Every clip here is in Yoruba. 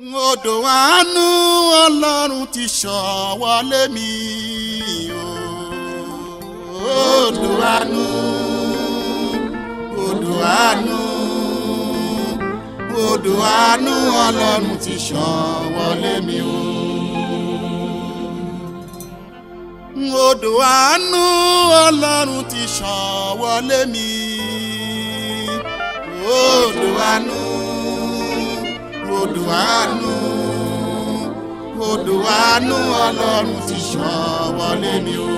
odò àánú ọlọ́run ti ṣàn wọlé mi odò àánú odò àánú odò àánú ọlọ́run ti ṣàn wọlé mi o. odò àánú ọlọ́run ti ṣàn wọlé mi odò àánú odò àánú odò àánú ọlọ́run ti ṣàn wọlé mi o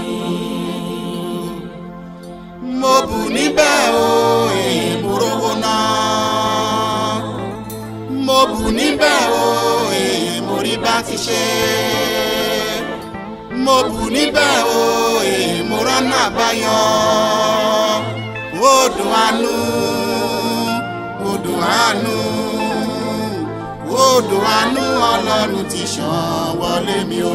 mo bù níbẹ̀ o ìmúrówó náà mo bù níbẹ̀ o ìmúrí bá ti ṣe mo bù níbẹ̀ o ìmúra náà bá yan odò àánú odò àánú odò àánú ọlọ́run ti ṣàn wọlé mi o.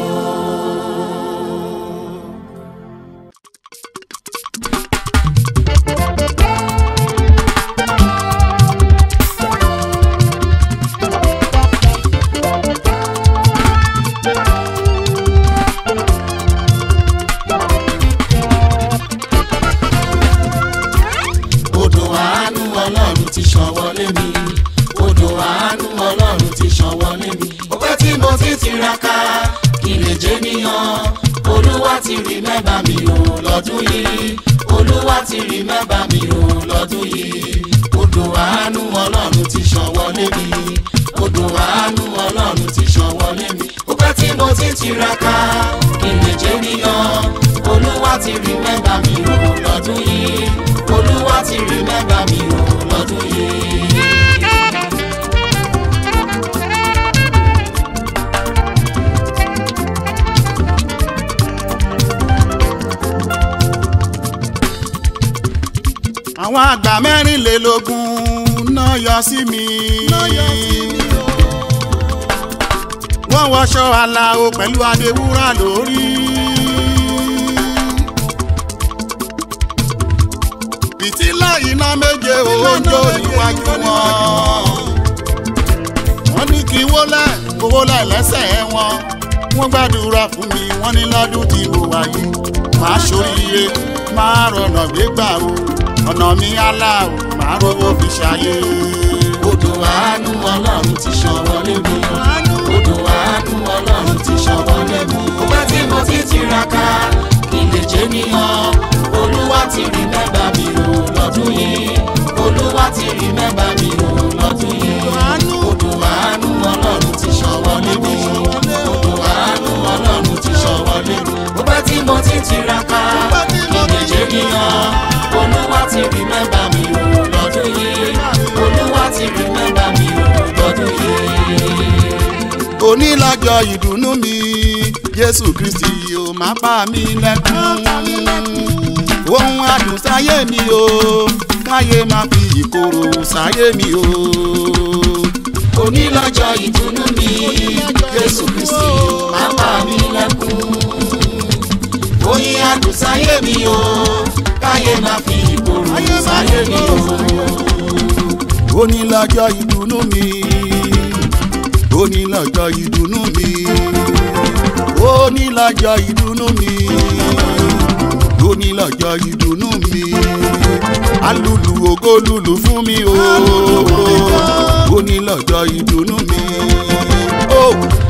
ìṣọ̀wọ́ níbi ó pẹ́ tí mo ti tiraka kí lè jẹ́ níyàn olúwa ti rí mẹ́bà mi o lọ́dún yìí olúwa ti rí mẹ́bà mi o lọ́dún yìí odò àánú ọlọ́run ti ṣọ̀wọ́ níbi odò àánú ọlọ́run ti ṣọ̀wọ́ níbi ó pẹ́ tí mo ti tiraka kí lè jẹ́ níyàn olúwa ti rí mẹ́bà mi o lọ́dún yìí olúwa ti rí mẹ́bà mi o lọ́dún yìí. àwọn àgbà mẹ́rìnlélógún náà yọ sí mi. náà yọ sí mi o. wọ́n wọṣọ aláwo pẹ̀lú adéwúrà lórí. fìtílà iná méje òòjọ́ níwájú wọn. wọ́n ní kí wólẹ̀ kówólẹ̀ lẹ́sẹ̀ wọn. wọ́n gbàdúrà fún mi wọ́n ní lọ́dún tí mo wáyé. màá ṣoríire máa rọ̀nà gbégbà o ọ̀nà mi aláwọ̀ máa rówó fi ṣayé. odò àánú ọlọ́run ti ṣàn wọlé mi. odò àánú ọlọ́run ti ṣàn wọlé mi. ọgbẹ́ tí mo ti tiraka ìlèjé nìyàn olúwa ti rí mẹ́bà mi rò lọ́dún yìí olúwa ti rí mẹ́bà mi rò lọ́dún yìí odò àánú ọlọ́run ti ṣàn wọlé mi. odò àánú ọlọ́run ti ṣàn wọlé mi. ọgbẹ́ tí mo ti tiraka. ayọ̀ ìdùnnú mi Jésù Kristi o máa bá mi lẹ́kún ohun adùn sáyé mi o káyé máa fi ìkorò sáyé mi o. òní lọ́jọ́ ìdùnnú mi Jésù Kristi o máa bá mi lẹ́kún oyin adùn sáyé mi o káyé máa fi ìkorò sáyé mi o. òní lọ́jọ́ ìdùnnú mi òní lọ́jọ́ ìdùnnú mi òní lọ́jọ́ ìdùnnú mi òní lọ́jọ́ ìdùnnú mi alùlù ògo lùlù fún mi o òní lọ́jọ́ ìdùnnú mi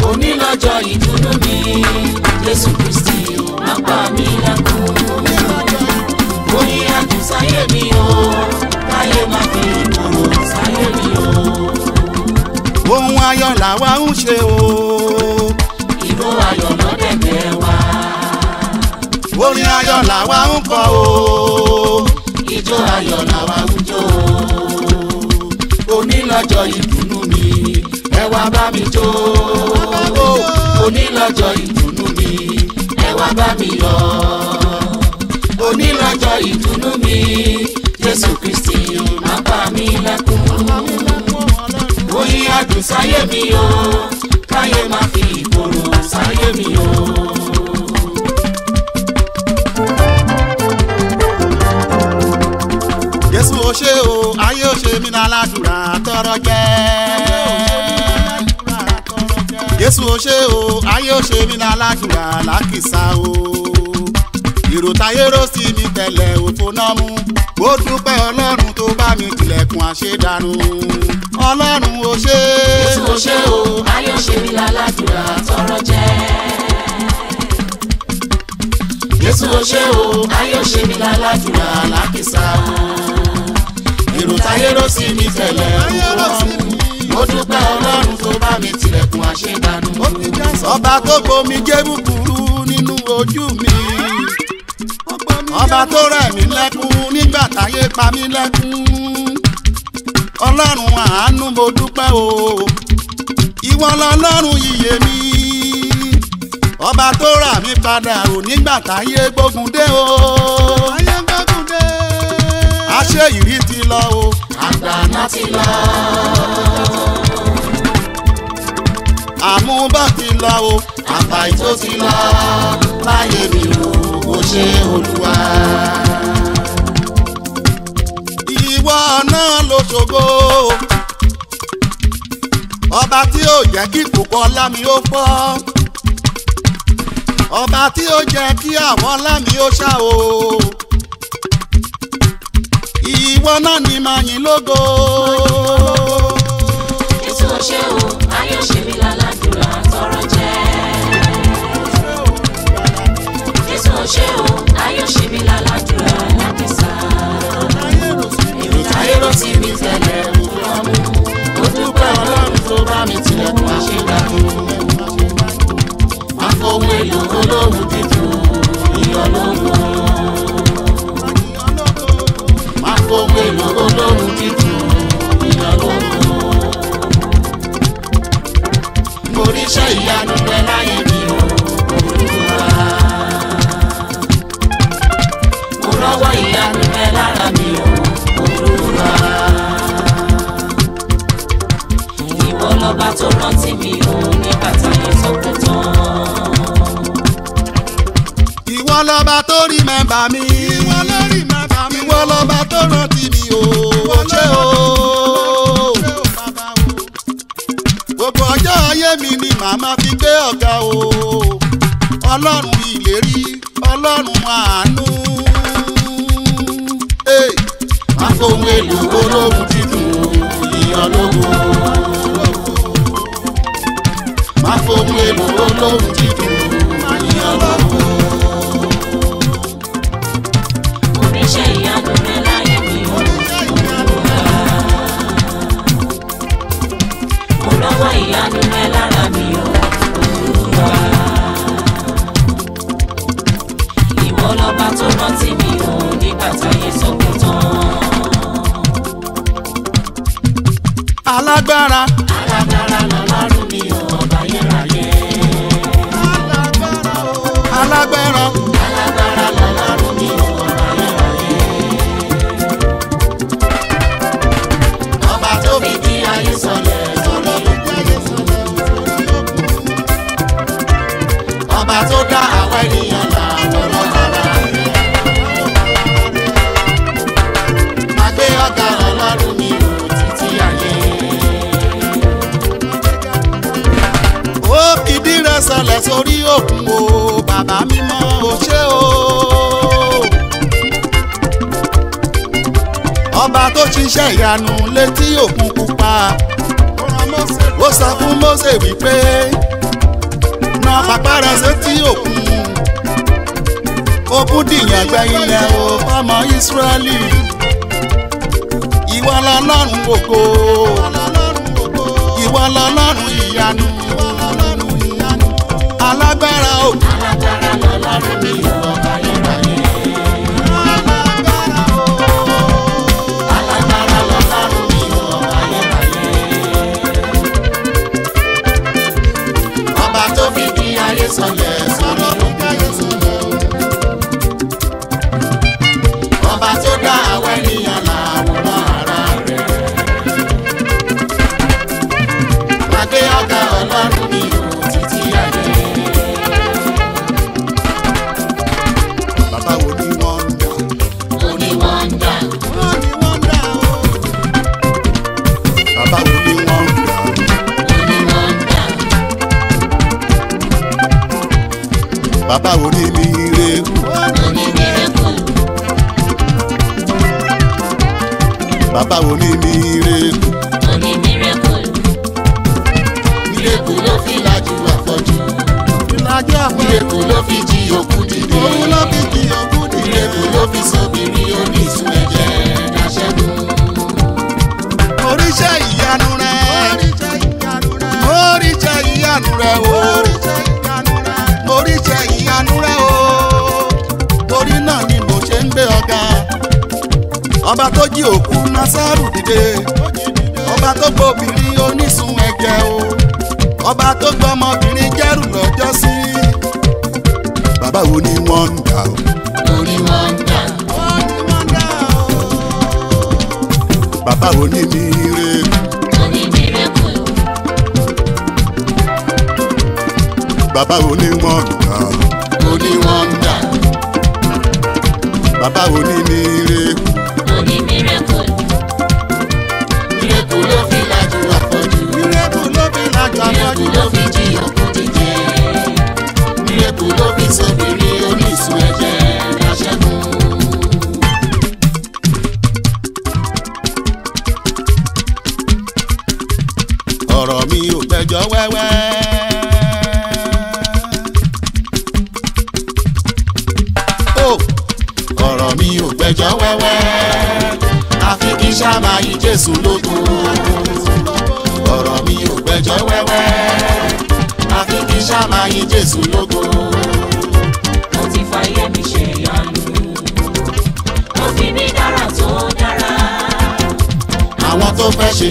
òní lọ́jọ́ ìdùnnú mi Jésù Kristi ó má pa mí lákòó òní àdùnsáyé mi o. ohun ayọ̀ làwa ń ṣe o. ìró ayọ̀ lọ́dẹ̀dẹ̀ wa. orin ayọ̀ làwa ń kọ o. ìjó ayọ̀ làwa ń jó o. onílọ́jọ́ ìdùnnú mi ẹ wá bá mi jó o. onílọ́jọ́ ìdùnnú mi ẹ wá bá mi yọ. onílọ́jọ́ ìdùnnú mi jésù kristi má pa mí lẹ́kùn adùn sáyé mi o káyé má fi ìkorò sáyé mi o. Jésù o ṣé o ayé o ṣe mí lálàdúrà tọrọ jẹ. Jésù o ṣé o ayé o ṣe mí lálàdúrà lákìsà o. Ìrò rò sí mi tẹ̀lẹ̀ òfò náà mú ó dúpẹ́ ọlọ́run tó bá mi tilẹ̀kùn àṣedànù ọlọ́run ó ṣe. ètò òṣè o ayé òṣè mi lálàdúrà tọrọ jẹ. Jésù òṣè o ayé òṣè mi lálàdúrà lákìsà o. èrò táyé ló sì mi tẹ̀lẹ̀ ọlọ́run ó dúpẹ́ ọlọ́run tó bá mi tilẹ̀kùn àṣedànù. ọba tó gbomi jẹ́ búburú nínú ojú mi ọba tó rẹ̀ mí lẹ́kún nígbà táyé pa mí lẹ́kún ọlọ́run àánú mo dúpẹ́ o ìwọ lọ́lọ́run ìyè mi ọba tó rà mí padà o nígbà táyé gbógun dé o ayé gbógun dé àṣé ìrí ti lọ o àgbàna ti lọ àmúbọ̀ ti lọ o àbàyí tó ti lọ láyé mi o ṣe olúwa. ìwọ náà ló ṣògo ọba tí ó jẹ́ kí kòkó lámì ó fọ́ ọba tí ó jẹ́ kí àwọn lámì ó ṣá o ìwọ náà ni màá yìn lógo. ètò ọ̀ṣẹ́ o ayé òṣèlú lálẹ́. ṣe o ayé ṣe mí lálàdúrà ládìsá. èrò táyé ló ti rí tẹ́lẹ̀ nǹkan mú. ó dúpẹ́ ọlọ́run tó bá mi tilẹ̀kùn àṣegbàdo. àfọwọ́ èlò olóhùn dídùn ìyọlọ́gbọ̀n. àfọwọ́ èlò olóhùn dídùn ìyọlọ́gbọ̀n. mo ríṣẹ́ ìyanu pẹ́ láyé mi o. ọwọ́ ìyanu bẹ lára mi ò Olúwa. ìwọ lọ́ba tó rántí mi ò ní bàtà yẹn sọ́kùn tán. ìwọ lọ́ba tó rí mẹ́bà mi. ìwọ ló rí mẹ́bà mi. ìwọ lọ́ba ọlọ́run ìlérí ọlọ́run àánú. ohun èlò olóhùn dídùn ìyàn lógo. má fohùn èlò olóhùn dídùn ìyàn lógo. oríṣẹ́ ìyanu rẹ láyé mi ò wá. mo lọ́wọ́ ìyanu rẹ lára mi ò wá. tó rántí mi ò nígbà táyé sọ́kùn. alágbára. oníṣẹ́ ìyanu létí òkun pupa ó sọ fún Mósè wípé na bàbá rẹ sétí òkun òkun dìyàn gbẹ ilẹ̀ o fọmọ Ísírẹ́lì ìwọ lọ́lọ́run ògo ìwọ lọ́lọ́run ìyanu alágbára òkun alágbára lọ́lọ́run bí ìwọ bá yẹ. Yes,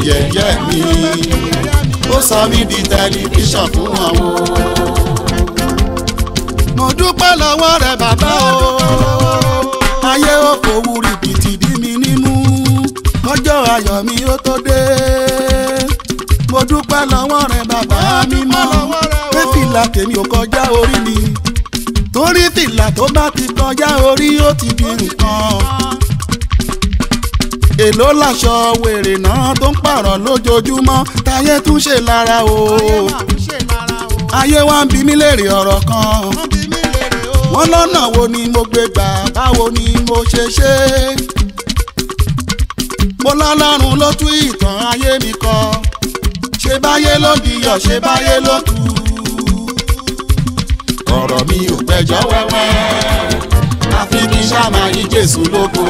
jẹ̀jẹ́ mi ó sọ mí di tẹlifíṣàn fún àwọn. mo dúpẹ́ lọ́wọ́ rẹ bàbá o ayé ó fowú rìkìtì dí mi nímú ọjọ́ ayọ̀ mi ó tó dé mo dúpẹ́ lọ́wọ́ rẹ bàbá mi mọ́ pé fìlà tèmi ò kọjá orí mi torí fìlà tó bá ti kọjá orí ó ti di nǹkan wèrè ló láṣọ wèrè náà tó ń pààrọ̀ lójoojúmọ́ táyé tún ṣe lára o. ayé wa ń bi mí léèrè ọ̀rọ̀ kan wọ́n lọ́nà wo ni mo gbé gbà báwo ni mo ṣe ṣe. mo lọ́lọ́run ló tú ìtàn ayé mi kọ ṣe báyé ló dìyọ̀ ṣe báyé ló kú. ọ̀rọ̀ mi ò gbẹ́jọ́ wẹ́wẹ́ àfi kí sáà máa Jésù lóko.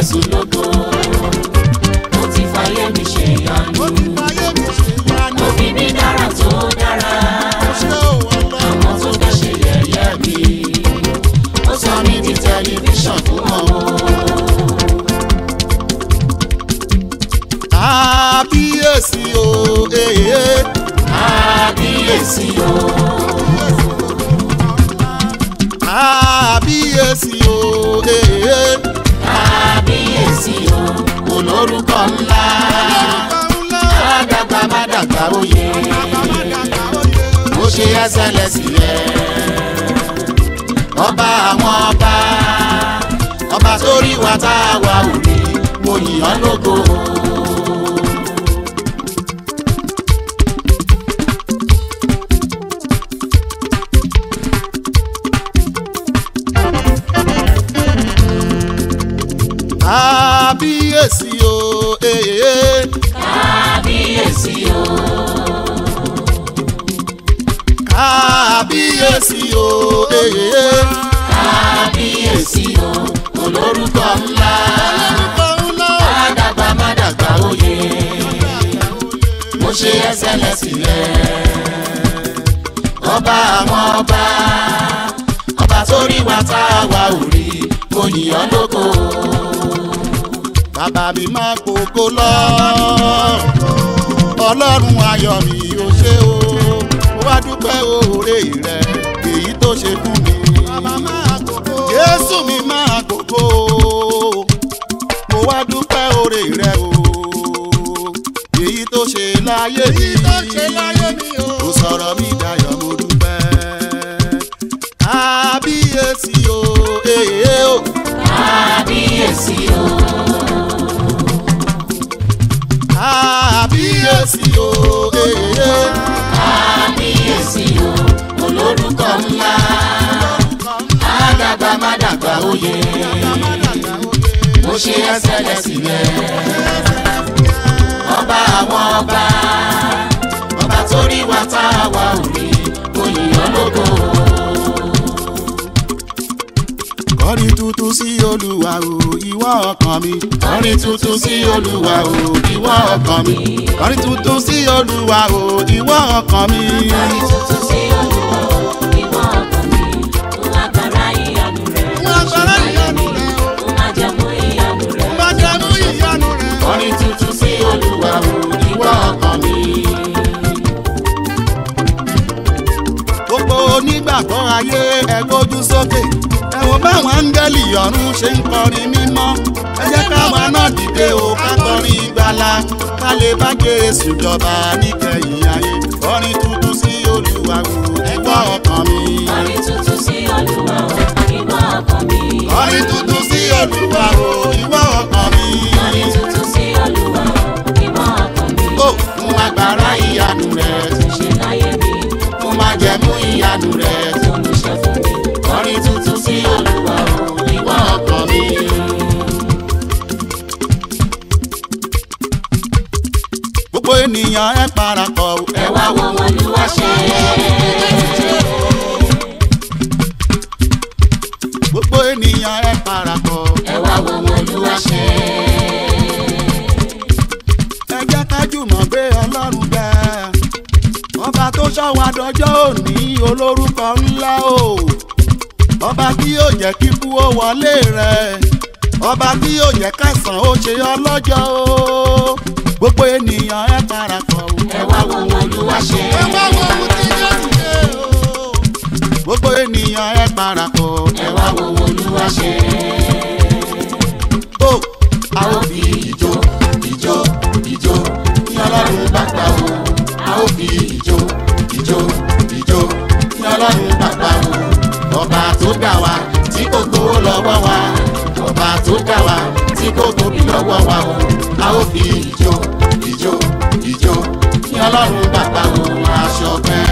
Jésù lógo ó ti fàyè mi ṣe ìyanu ó fi mí dára tó dára àwọn tó fẹ́ ṣe yẹ̀yẹ́ mi ó sọ mí di tẹlifíṣàn fún ọmọ. Kábíyèsí o èyí. Eh, eh. Kábíyèsí o. Kábíyèsí o èyí. Eh, Zion olórúkọ ńlá àdàgbà má dàgbà òye ó ṣe ẹsẹ̀lẹ̀ sílẹ̀ ọba àwọn ọba ọba sórí wa wà òde mo yìí ọ́ àwa tá a wà ò rí mo yìnyàn lóko. bàbá mi máa gbogbo lọ ọlọ́run ayọ̀ mi ò ṣe o mo wá dúpẹ́ oore rẹ èyí tó ṣe fún mi. bàbá máa gbogbo jésù mi máa gbogbo mo wá dúpẹ́ oore rẹ o èyí tó ṣe láyé mi èyí tó ṣe láyé o sọ̀rọ̀ mi dayọ̀. kábíyèsí o. kábíyèsí eh, o. Eh. kábíyèsí o olórúkọ ńlá àdàgbà má dàgbà òye mo ṣe ẹsẹ̀ lẹ́sìn yẹn ọba àwọn ọba ọba tó rí wa tá a kọrin tuntun sí olúwa o ìwọ ọkàn mi kọrin tuntun sí olúwa o ìwọ ọkàn mi kọrin tuntun sí olúwa o ìwọ ọkàn mi. kọrin tuntun o ìwọ ọkàn mi fún agbára ìyanu rẹ fún agbára ìyanu rẹ olúwa o. nígbà kan ayé ẹ gbójú sókè ẹ wo báwọn áńgẹ́lì ọ̀run ṣe ń kọrin mímọ́ ẹ jẹ́ káwa náà dìde o ká kọrin ìgbàlà ká lè bá Jésù jọba níkẹyìn ayé orin tuntun sí Olúwa wò ẹ ọkàn mi. orin tuntun sí Olúwa wò ẹ ọkàn mi. orin tuntun sí Olúwa wò. madurez. olórúkọ ńlá o ọba tí yóò jẹ́ kíkú ó wọlé rẹ ọba tí yóò jẹ́ kásán ó ṣe ọlọ́jọ́ o gbogbo ènìyàn ẹ parapọ̀ o. ẹ wá wo ohun olúwa ṣe ẹ wá wo ohun tí yóò ṣe o gbogbo ènìyàn ẹ parapọ̀ ẹ wá wo ohun olúwa ṣe. o a ó fi ijó ijó ijó tí ọlọ́run bá gbà o a ó fi ijó. ọba tó dá wa tí kò gbowó lọ́wọ́ wa ọba tó dá wa tí kò tóbi lọ́wọ́ wa o a ó fi ìjó ìjó ìjó kí ọlọ́run bàbá òun aṣọ pẹ́.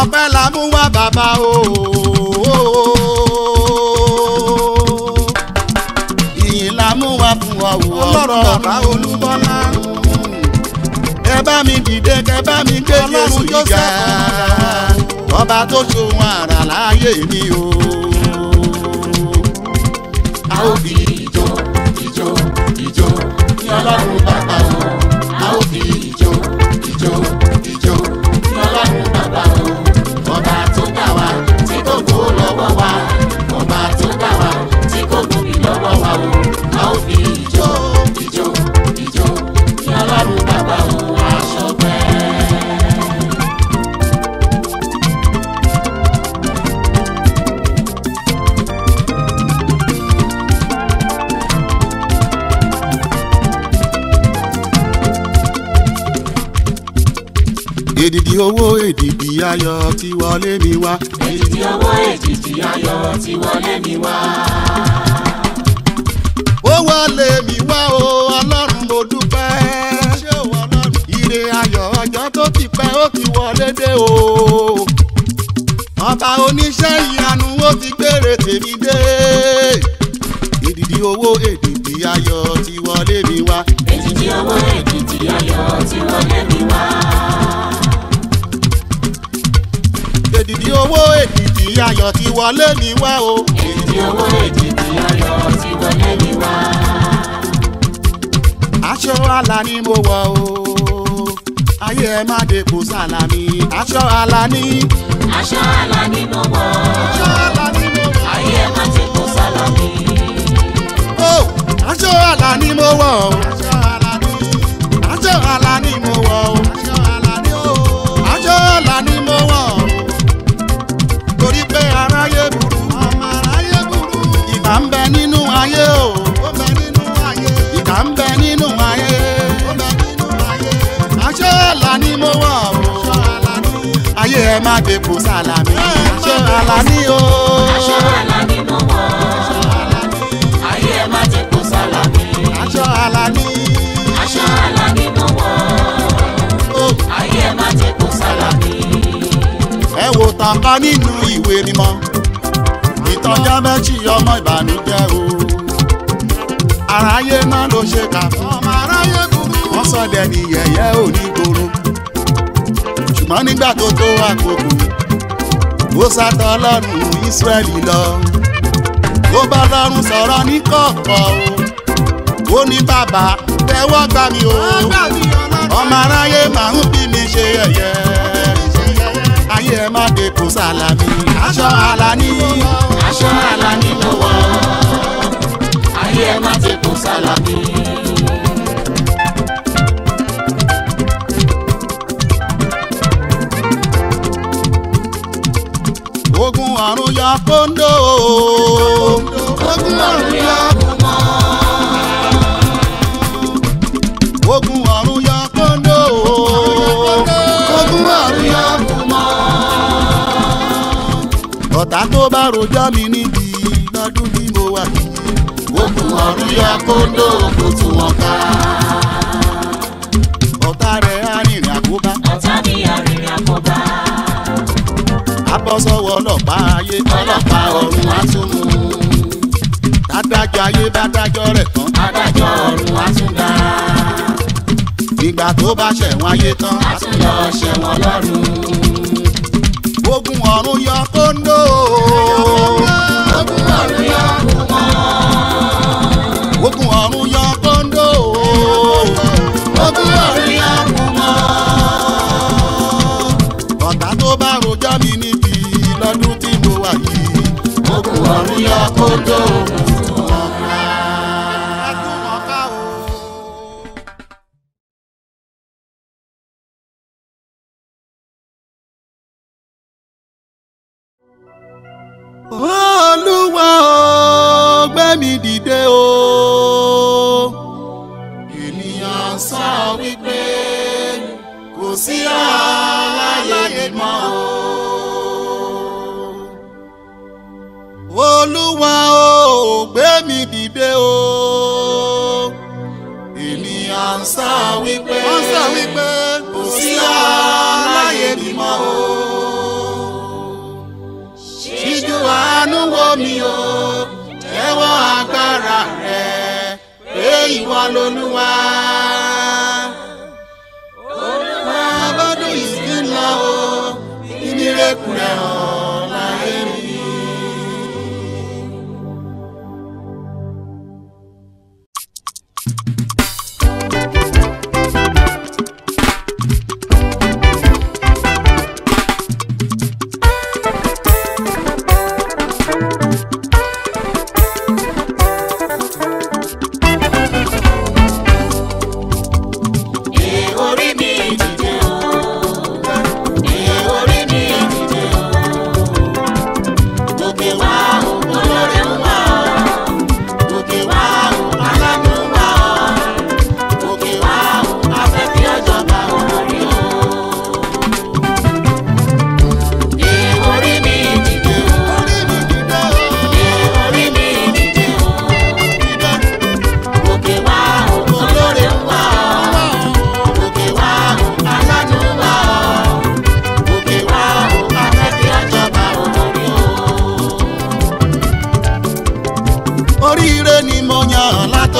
ọpẹ́ la mú wá bàbá o. ìyìn la mú wá ẹ bá mi dìde kẹ bá mi gbé Jésù ìjà ọba tó ṣohun àrà láyé mi o. a ó fi ìjó ìjó ìjó ní ọlọ́run bàbá o. a ó fi ìjó ìjó ìjó ní ọlọ́run bàbá o. ọba tó dá wa tí kò gbó lọ́wọ́ wa ọba tó dá wa tí kò gbó mi lọ́wọ́ wa o. owó èjìjì ayọ̀ ti wọlé mi wá. èjìjì owó èjìjì ayọ̀ ti wọlé mi wá. ó wọlé mi wá o ọlọ́run mo dúpẹ́. ṣé o ọlọ́run. ire ayọ̀ ọjọ́ tó ti pẹ́ ó ti wọlé dé o. ọba oníṣẹ́ ìyanu ó ti gbére tèmi dé. èjìjì owó èjìjì ayọ̀ ti wọlé mi wá. èjìjì owó èjìjì ayọ̀ ti wọlé mi wá. èdìdì owó èdìdì ayọ̀ ti wọlé ní wá o. èdìdì owó èdìdì ayọ̀ ti wọlé ní wá. aṣọ àlà ni mo wọ̀ o ayé ẹ má dépò sálàmì aṣọ àlà ni. aṣọ àlà ni mo wọ̀ aṣọ àlà ni mo wọ̀ ayé ẹ má dépò sálàmì. ó oh, aṣọ àlà ni mo wọ̀ o aṣọ àlà ni aṣọ àlà. nínú ayé o. ó bẹ nínú ayé. ìkà ń bẹ nínú ayé. ó bẹ nínú ayé. aṣọ àlà ni mo wà o. aṣọ àlà ni. ayé ẹ má dèpò sàlàmì. aṣọ àlà ni o. aṣọ àlà ni mo wà. aṣọ àlà ni. ni. mo ẹ wo tàǹkà nínú ìwé mímọ́ sọjá méjì ọmọ ìbànújẹ́ o aráyé náà ló ṣe kà fún ọmọ aráyé kúrú wọ́n sọ ni yẹ̀yẹ́ onígboro ṣùgbọ́n nígbà tó tó àkókò ó sátọ ọlọ́run Ísírẹ́lì lọ ó bá lọ́run sọ̀rọ̀ ní kọ̀ọ̀kọ̀ o ó ní bàbá tẹ́wọ́ gbà mí o ọmọ aráyé máa ń bí mi ṣe yẹ̀yẹ́ ayé ẹ má dé kó sálàmì aṣọ àlàní aṣọ Àlàní ló wọ̀ ayé ẹ má ti kún Sàlàmì. ogun àrùn ya kóńdó ogun àrùn ya. ọ̀tá tó bá rojọ́ mi níbi lọ́dún tí mo wà. ogun ọ̀run yọ kóńdó kò tún wọn ká. ọ̀tá rẹ̀ arìnrìn àkóbá. ọ̀tá mi arìnrìn àkóbá. abọ́sọ̀wọ́ ọlọ́pàá ayé. ọlọ́pàá ọ̀run á tún mú. tádájọ́ ayé bá dájọ́ rẹ̀ tán. adájọ́ ọ̀run á ìgbà tó bá ṣẹ̀wọ̀n ayé tán. a ṣẹ̀wọ̀n lọ́run ogun ọ̀run yọ kóńdó. ogun ọ̀run yọ kóńdó. ogun ọ̀run yọ kóńdó. ogun ọ̀run yọ kóńdó. ọ̀tá tó bá rojọ́ mi níbi lọ́dún tí mo wà yìí. ogun ọ̀run yọ kóńdó. gbé mi dìde o. ènìyàn sọ wípé kò sí aláyé mọ́ o. olúwa o gbé mi dìde o. ènìyàn sọ wípé kò sí aláyé mọ́ o. ìwọ lolúwa.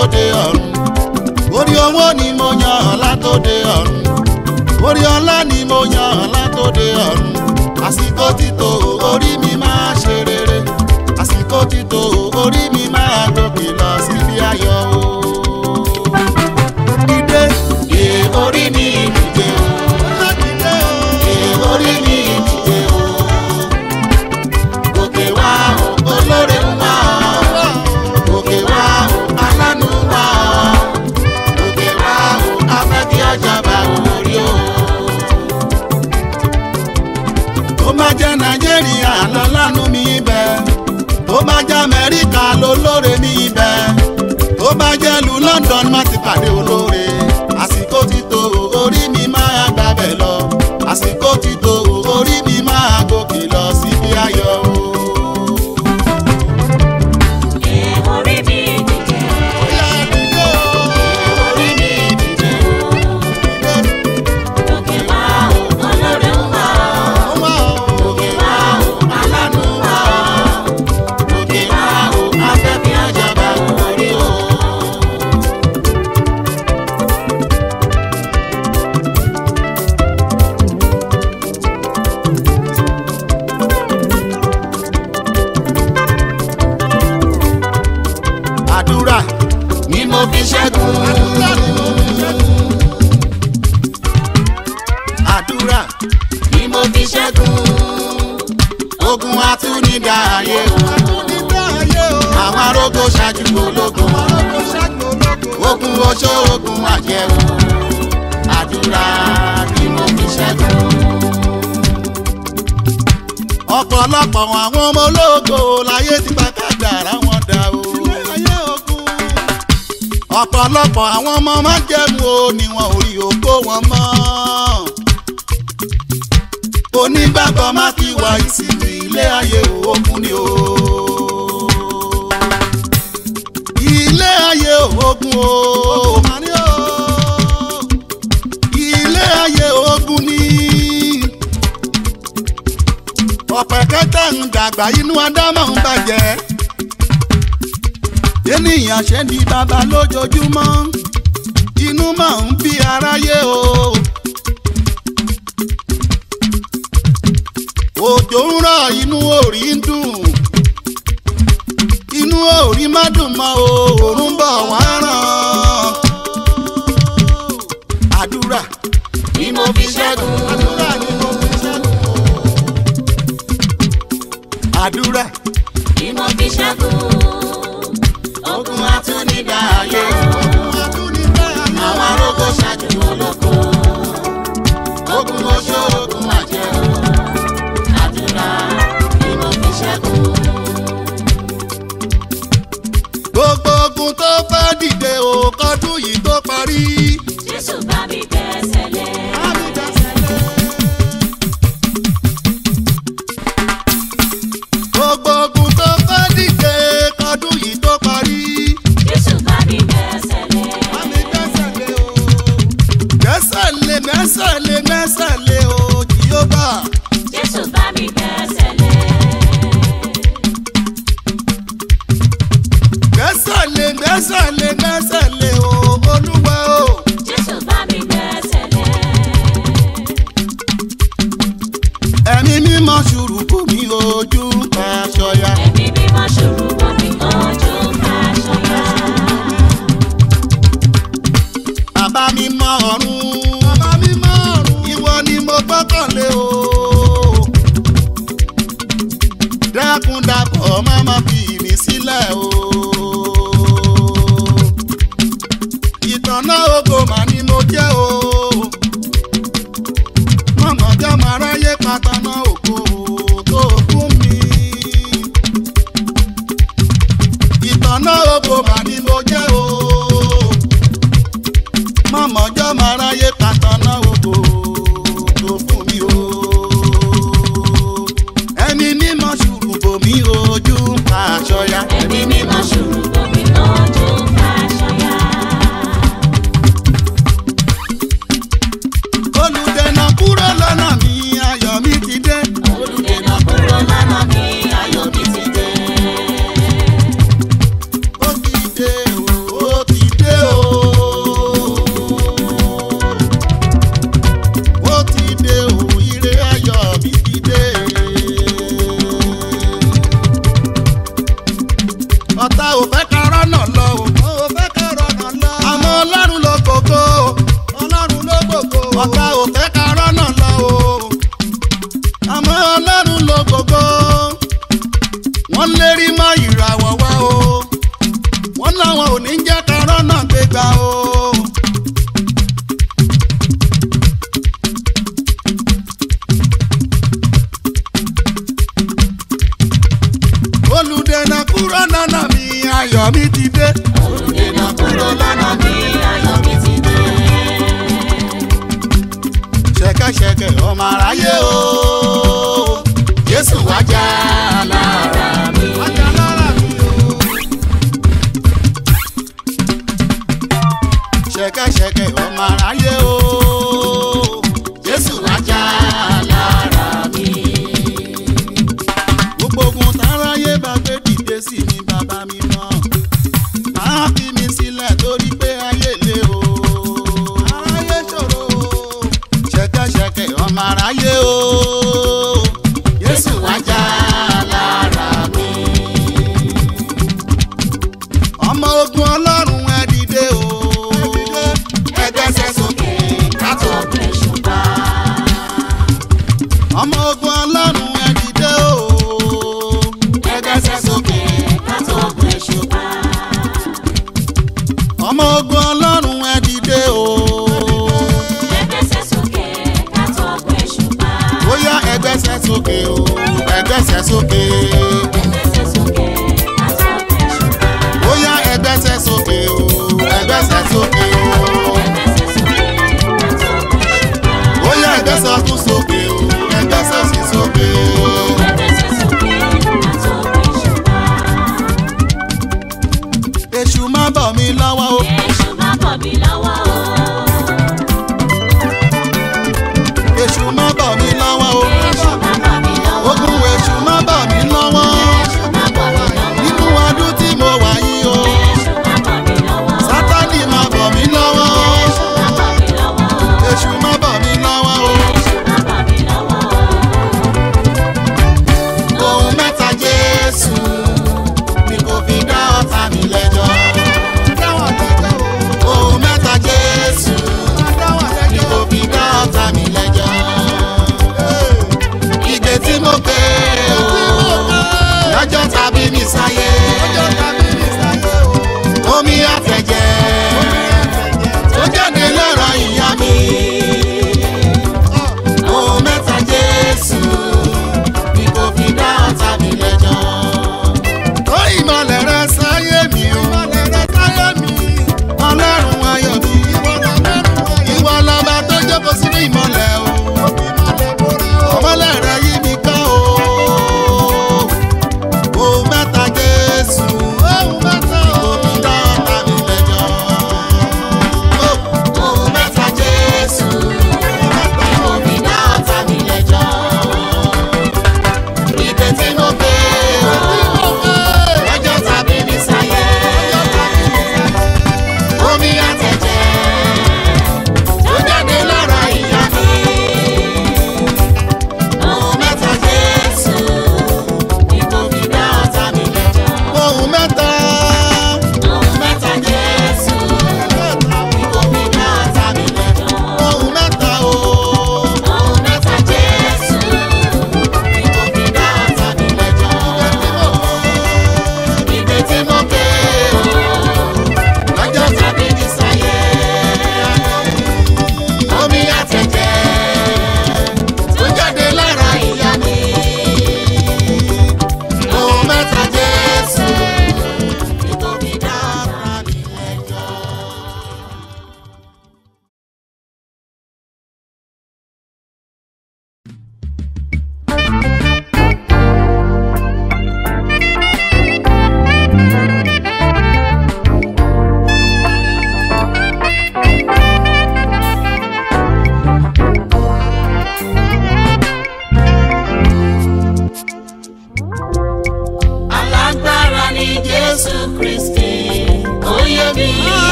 látòde ọ̀run orí owó ni mo yàn án látòde ọ̀run orí ọlá ni mo yàn án látòde ọ̀run àsìkò ti tó orí mi máa ṣe rere àsìkò ti tó orí mi máa gòkè lọ. má ti pàdé olóró. tó ṣáájú ológun ogun oṣó ogun àjẹwò àdúrà tí mo fi ṣẹ́gun. ọ̀pọ̀lọpọ̀ àwọn ọmọ ológo láyé ti gbà kádàrá wọn dá o. ọ̀pọ̀lọpọ̀ àwọn ọmọ máa jẹ̀mú o ni wọn ò rí òkó wọn mọ́. onígbàgbọ́ má ti wà ìsinmi ilé ayé òkun ni o. ogun o. ilé ayé ogun ni. ọ̀pẹ̀ kẹta ń dàgbà inú adámọ̀ ń bàjẹ́. ènìyàn ṣe ni bàbá lójoojúmọ́ inú máa ń bí aráyé o. Oh. aráyé.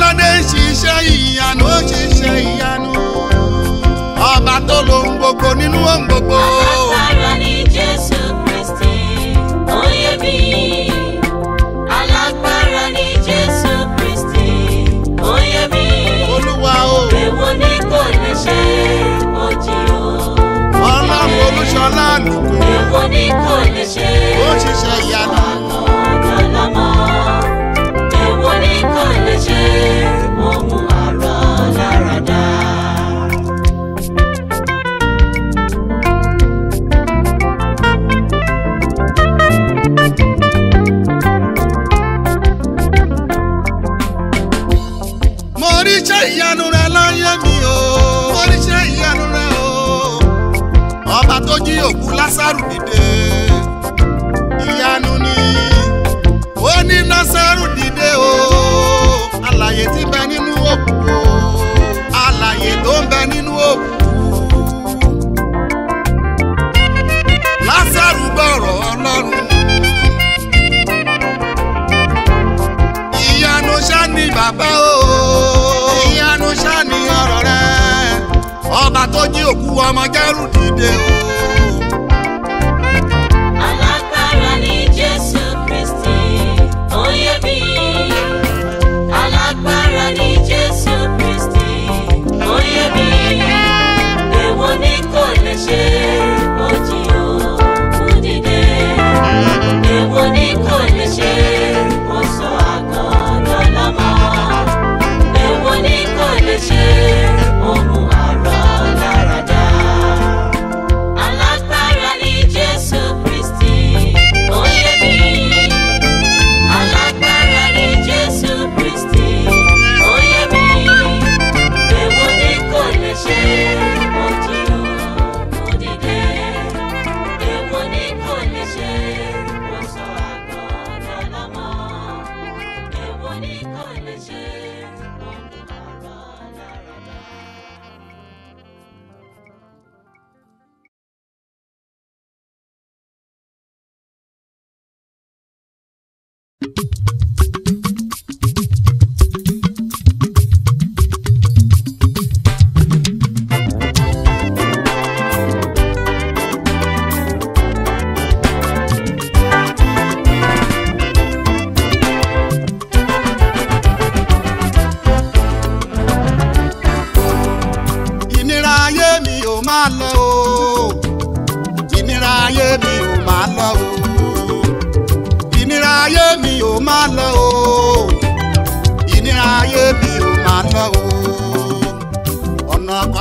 ọlọ́dẹ ṣiṣẹ́ ìyanu ó ṣiṣẹ́ ìyanu ọba tó lohun gbogbo nínú ohun gbogbo. alágbára ni jésù kristi oyè bí alágbára ni jésù kristi oyè bí olúwa o èwo ni kò lè ṣe ojì o. ọlọ́run olúṣọlá àlùkò èwo ni kò lè ṣe ó ṣiṣẹ́ ìyanu. tó jí òkú Lásárù dìde ìyanu ni ó ní Lásárù dìde o alààyè tí bẹ nínú òkú o alààyè tó ń bẹ nínú òkú. Lásárù gbọ́rọ̀ Ọlọ́run. ìyanu ṣá ni bàbá o ìyanu ṣá ni ọ̀rọ̀ rẹ̀ ọba tó jí òkú ọmọ Jẹ́rù dìde o.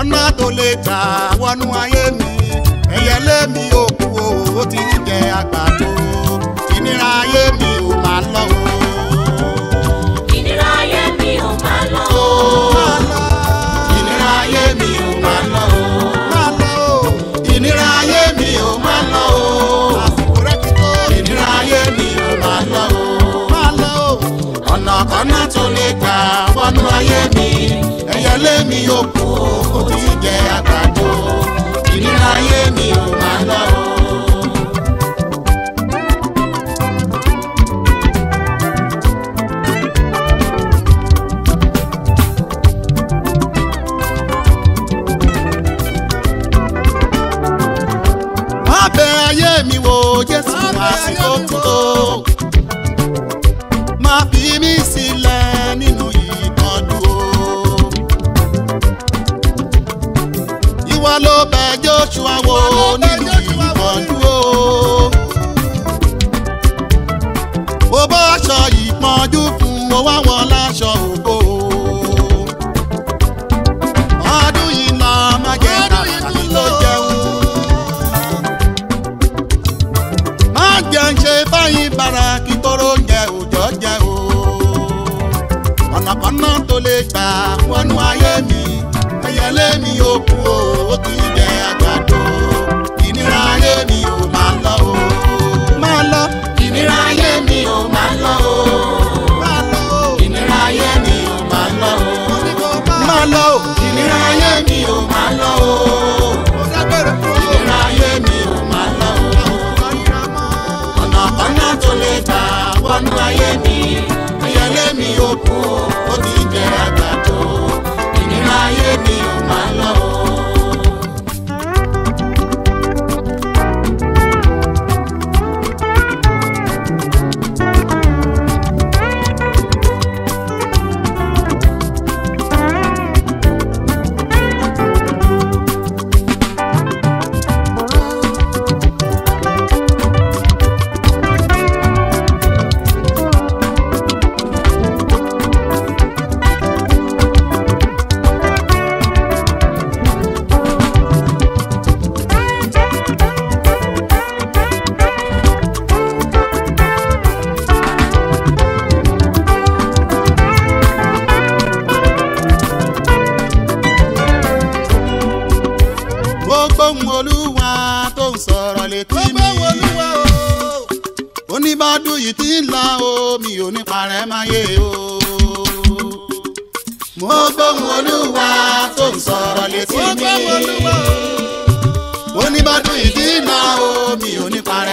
iná tó lè jà wọnú ayé mi ẹyẹlé mi ò o ó ti ń jẹ àgbàdo ìnira ayé mi ò máa lọ o. ìnira ayé mi mi o. ìnira ayé mi mi o. ọ̀nà kan náà tó lè gbà wọnú ìdíyelé mi ò kú kò tí jẹ àgbàdo ìnira ayé mi ò máa lọ. má bẹ̀ ayé mi yòókù o ó ti jẹ àgbàdo mi ò máa o. máa lọ. ìnira ayé mi ò máa lọ o. máa lọ o. ìnira ayé mi ò máa lọ o. máa lọ o. ìnira ayé mi ò máa lọ o. ìnira ayé mi ò máa o. ọ̀nà ọ̀nà tó lè gbà wọnú mi ayẹlé mi ò kú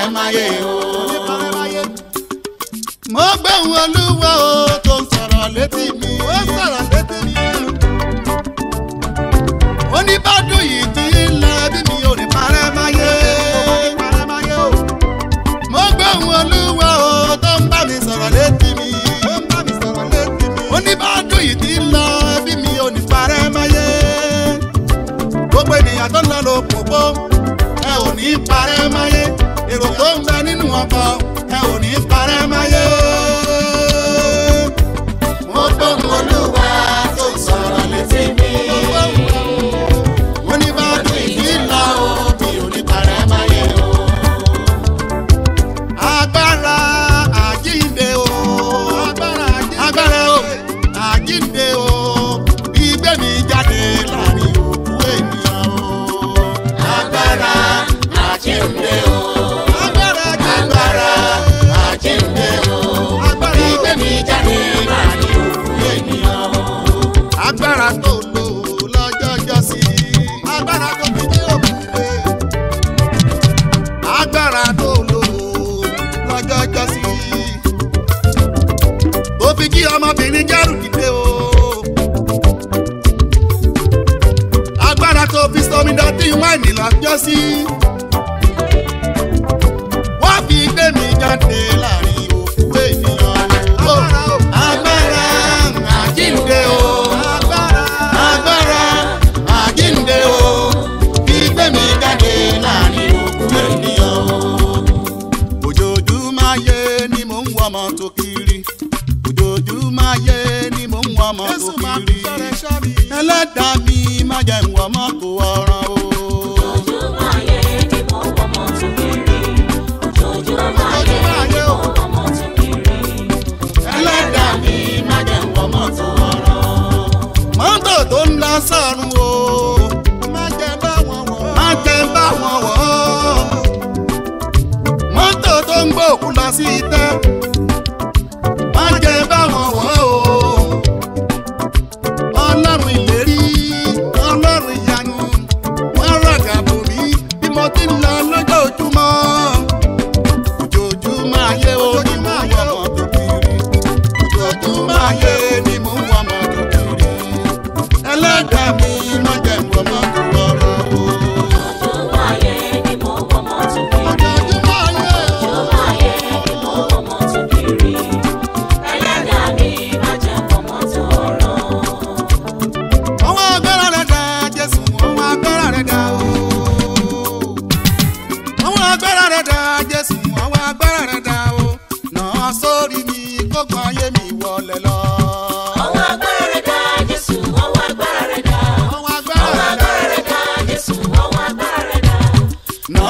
fẹ́ máyé o. mo gbẹ̀hùn olúwa o tó ń sọ̀rọ̀ létí mi. ó sọ̀rọ̀ létí mi. oníbàdàn yìí ti ń lọ bí mi ò ní parẹ́ máyé. mo gbẹ̀hùn olúwa o tó ń bá mi sọ̀rọ̀ létí mi. oníbàdàn yìí ti lọ bí mi ò ní parẹ́ máyé. gbogbo ènìyàn tó ń lọ lò pòpò ẹ ò ní parẹ́ máyé wọn bọ ẹ ò ní parẹ́ máyé. ngozi nwa bụ ikpe ma ịnya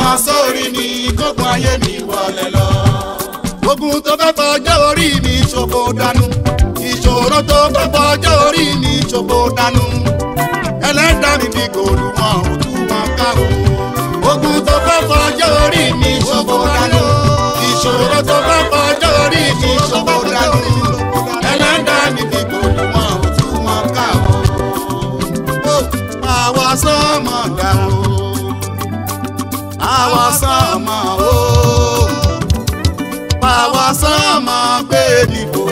máa sórí mi gbogbo ayé mi wọlé lọ. ogun tó fẹ́ fọjọ́ orí mi ṣòfò dànù ìṣòro tó fẹ́ fọjọ́ orí mi ṣòfò dànù ẹlẹ́dàá mi bí gòlù wọn ò tú wọn ká o. ogun tó fẹ́ fọjọ́ orí mi ṣòfò dànù ìṣòro tó fẹ́ fọjọ́ orí mi ṣòfò dànù ẹlẹ́dàá mi bí gòlù wọn ò tú wọn ká o. àwa sọ́mọ̀dà o báwa sáàmà ó báwa sáàmà gbé dìbò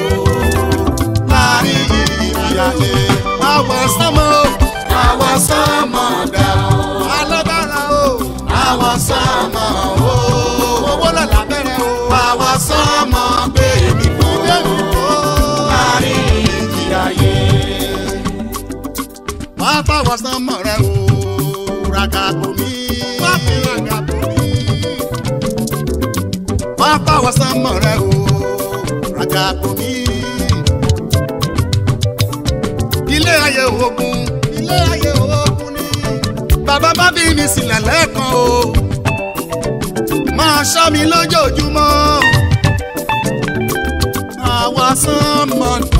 láàrin ìyá ni báwa sáàmà ó báwa sáàmà dá ó alágbára ó báwa sáàmà ó owó lọ́la bẹ̀rẹ̀ ó báwa sáàmà gbé dìbò láàrin ìyá yẹn. wọ́n á báwa sáàmà sánmọ̀ rẹ o Àjàkòbí. ilé ayé ogun ilé ayé ogun ni bàbá bá bí mi sílẹ̀ lẹ́ẹ̀kan o máa ṣọ́ mi lójoojúmọ́ àwa sánmọ̀ rẹ.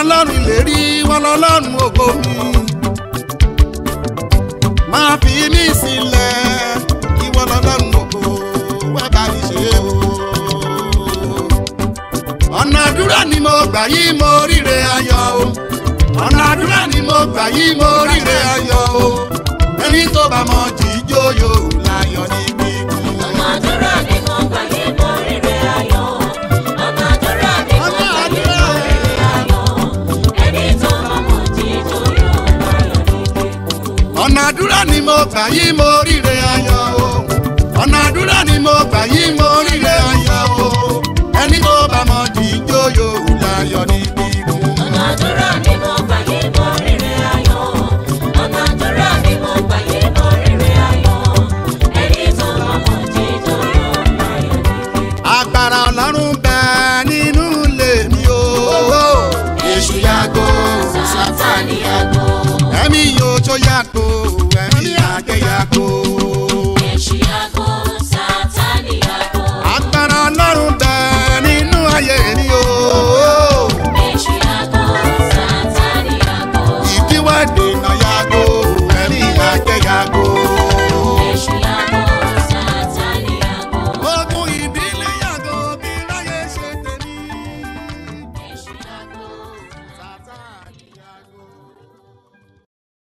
ọlọ́run ìlérí wọn lọ́lọ́run ògo mi. máa fi mí sílẹ̀ ìwọ lọ́lọ́run ògo wá bá mi ṣe o. ọ̀nà àdúrà ni mo gbà yí mo ríre ayọ̀ o. ọ̀nà àdúrà ni mo gbà yí mo ríre ayọ̀ o. ẹni tó bá mọ jíjó yòó láyọ̀ ní gbígbó. ọ̀nà àdúrà ni mo gbà yí mo ríre ayọ̀ gbà yí mo ríre ayọ̀ o ọ̀nà àdúrà ni mo gbà yí mo ríre ayọ̀ o ẹni tó bá mọ jì í jó ni mo gbà yí mo ayọ̀ ni mo gbà yí mo ríre ayọ̀ ẹni tó bá mọ jì í jó yòówù láyọ̀ níbi ìlú. agbára ọlọ́run bẹ